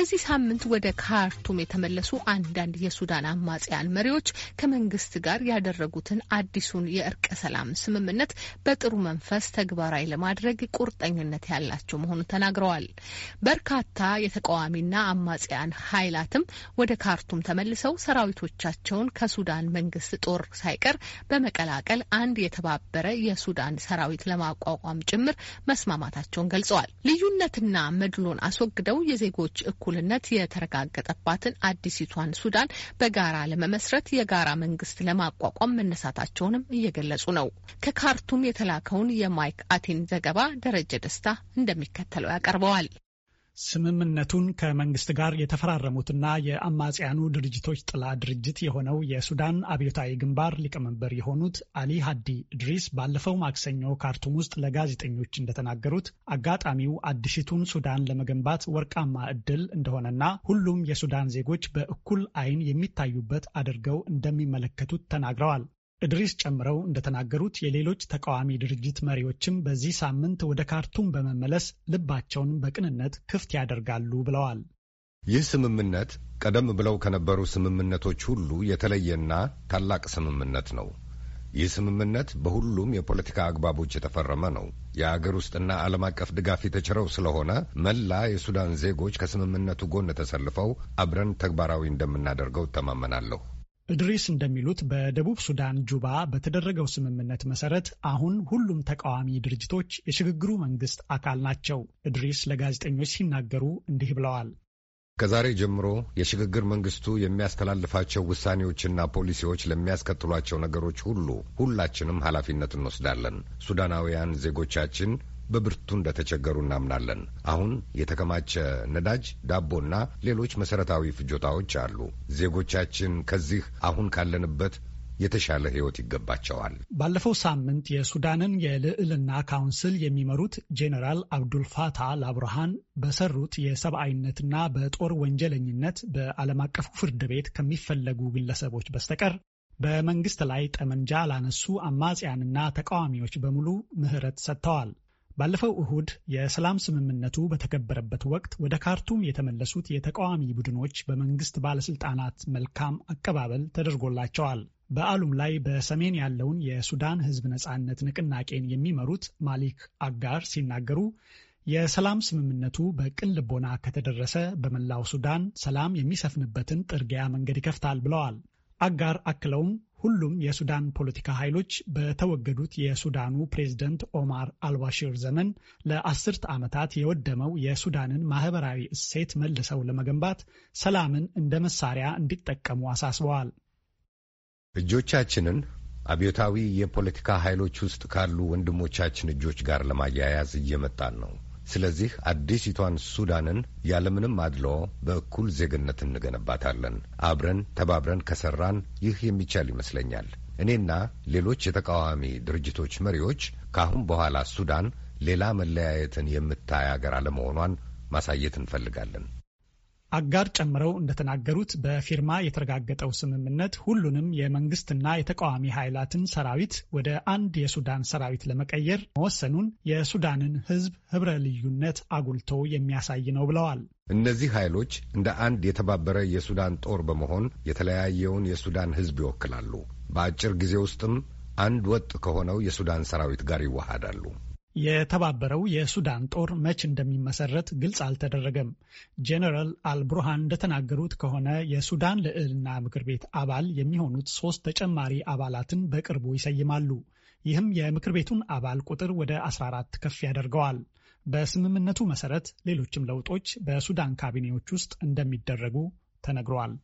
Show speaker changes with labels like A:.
A: በዚህ ሳምንት ወደ ካርቱም የተመለሱ አንዳንድ የሱዳን አማጽያን መሪዎች ከመንግስት ጋር ያደረጉትን አዲሱን የእርቀ ሰላም ስምምነት በጥሩ መንፈስ ተግባራዊ ለማድረግ ቁርጠኝነት ያላቸው መሆኑን ተናግረዋል። በርካታ የተቃዋሚና አማጽያን ኃይላትም ወደ ካርቱም ተመልሰው ሰራዊቶቻቸውን ከሱዳን መንግስት ጦር ሳይቀር በመቀላቀል አንድ የተባበረ የሱዳን ሰራዊት ለማቋቋም ጭምር መስማማታቸውን ገልጸዋል። ልዩነትና መድሎን አስወግደው የዜጎች እኩል እኩልነት የተረጋገጠባትን አዲሲቷን ሱዳን በጋራ ለመመስረት የጋራ መንግስት ለማቋቋም መነሳታቸውንም እየገለጹ ነው። ከካርቱም የተላከውን የማይክ አቲን ዘገባ ደረጀ ደስታ እንደሚከተለው ያቀርበዋል። ስምምነቱን
B: ከመንግስት ጋር የተፈራረሙትና የአማጽያኑ ድርጅቶች ጥላ ድርጅት የሆነው የሱዳን አብዮታዊ ግንባር ሊቀመንበር የሆኑት አሊ ሀዲ እድሪስ ባለፈው ማክሰኞ ካርቱም ውስጥ ለጋዜጠኞች እንደተናገሩት አጋጣሚው አዲሲቱን ሱዳን ለመገንባት ወርቃማ ዕድል እንደሆነና ሁሉም የሱዳን ዜጎች በእኩል አይን የሚታዩበት አድርገው እንደሚመለከቱት ተናግረዋል። እድሪስ ጨምረው እንደተናገሩት የሌሎች ተቃዋሚ ድርጅት መሪዎችም በዚህ ሳምንት ወደ ካርቱም በመመለስ ልባቸውን በቅንነት ክፍት ያደርጋሉ
C: ብለዋል። ይህ ስምምነት ቀደም ብለው ከነበሩ ስምምነቶች ሁሉ የተለየና ታላቅ ስምምነት ነው። ይህ ስምምነት በሁሉም የፖለቲካ አግባቦች የተፈረመ ነው። የአገር ውስጥና ዓለም አቀፍ ድጋፍ የተቸረው ስለሆነ መላ የሱዳን ዜጎች ከስምምነቱ ጎን ተሰልፈው አብረን ተግባራዊ እንደምናደርገው እተማመናለሁ። እድሪስ
B: እንደሚሉት በደቡብ ሱዳን ጁባ በተደረገው ስምምነት መሰረት አሁን ሁሉም ተቃዋሚ ድርጅቶች የሽግግሩ መንግስት አካል ናቸው። እድሪስ ለጋዜጠኞች ሲናገሩ እንዲህ
C: ብለዋል። ከዛሬ ጀምሮ የሽግግር መንግስቱ የሚያስተላልፋቸው ውሳኔዎችና ፖሊሲዎች ለሚያስከትሏቸው ነገሮች ሁሉ ሁላችንም ኃላፊነት እንወስዳለን። ሱዳናውያን ዜጎቻችን በብርቱ እንደተቸገሩ እናምናለን። አሁን የተከማቸ ነዳጅ፣ ዳቦና ሌሎች መሠረታዊ ፍጆታዎች አሉ። ዜጎቻችን ከዚህ አሁን ካለንበት የተሻለ ህይወት ይገባቸዋል።
B: ባለፈው ሳምንት የሱዳንን የልዕልና ካውንስል የሚመሩት ጄኔራል አብዱልፋታ ላብርሃን በሰሩት የሰብአዊነትና በጦር ወንጀለኝነት በዓለም አቀፉ ፍርድ ቤት ከሚፈለጉ ግለሰቦች በስተቀር በመንግስት ላይ ጠመንጃ ላነሱ አማጽያንና ተቃዋሚዎች በሙሉ ምህረት ሰጥተዋል። ባለፈው እሁድ የሰላም ስምምነቱ በተከበረበት ወቅት ወደ ካርቱም የተመለሱት የተቃዋሚ ቡድኖች በመንግስት ባለስልጣናት መልካም አቀባበል ተደርጎላቸዋል። በዓሉም ላይ በሰሜን ያለውን የሱዳን ሕዝብ ነጻነት ንቅናቄን የሚመሩት ማሊክ አጋር ሲናገሩ የሰላም ስምምነቱ በቅን ልቦና ከተደረሰ በመላው ሱዳን ሰላም የሚሰፍንበትን ጥርጊያ መንገድ ይከፍታል ብለዋል። አጋር አክለውም ሁሉም የሱዳን ፖለቲካ ኃይሎች በተወገዱት የሱዳኑ ፕሬዝደንት ኦማር አልባሽር ዘመን ለአስርት ዓመታት የወደመው የሱዳንን ማህበራዊ እሴት መልሰው ለመገንባት ሰላምን እንደ መሳሪያ እንዲጠቀሙ አሳስበዋል።
C: እጆቻችንን አብዮታዊ የፖለቲካ ኃይሎች ውስጥ ካሉ ወንድሞቻችን እጆች ጋር ለማያያዝ እየመጣን ነው። ስለዚህ አዲሲቷን ሱዳንን ያለምንም አድሎ በእኩል ዜግነት እንገነባታለን። አብረን ተባብረን ከሰራን ይህ የሚቻል ይመስለኛል። እኔና ሌሎች የተቃዋሚ ድርጅቶች መሪዎች ከአሁን በኋላ ሱዳን ሌላ መለያየትን የምታይ አገር አለመሆኗን ማሳየት እንፈልጋለን።
B: አጋር ጨምረው እንደተናገሩት በፊርማ የተረጋገጠው ስምምነት ሁሉንም የመንግስትና የተቃዋሚ ኃይላትን ሰራዊት ወደ አንድ የሱዳን ሰራዊት ለመቀየር መወሰኑን የሱዳንን ሕዝብ ህብረ ልዩነት አጉልቶ የሚያሳይ ነው ብለዋል።
C: እነዚህ ኃይሎች እንደ አንድ የተባበረ የሱዳን ጦር በመሆን የተለያየውን የሱዳን ሕዝብ ይወክላሉ። በአጭር ጊዜ ውስጥም አንድ ወጥ ከሆነው የሱዳን ሰራዊት ጋር ይዋሃዳሉ።
B: የተባበረው የሱዳን ጦር መች እንደሚመሰረት ግልጽ አልተደረገም። ጄኔራል አልቡርሃን እንደተናገሩት ከሆነ የሱዳን ልዕልና ምክር ቤት አባል የሚሆኑት ሶስት ተጨማሪ አባላትን በቅርቡ ይሰይማሉ። ይህም የምክር ቤቱን አባል ቁጥር ወደ 14 ከፍ ያደርገዋል። በስምምነቱ መሰረት ሌሎችም ለውጦች በሱዳን ካቢኔዎች ውስጥ እንደሚደረጉ ተነግሯል።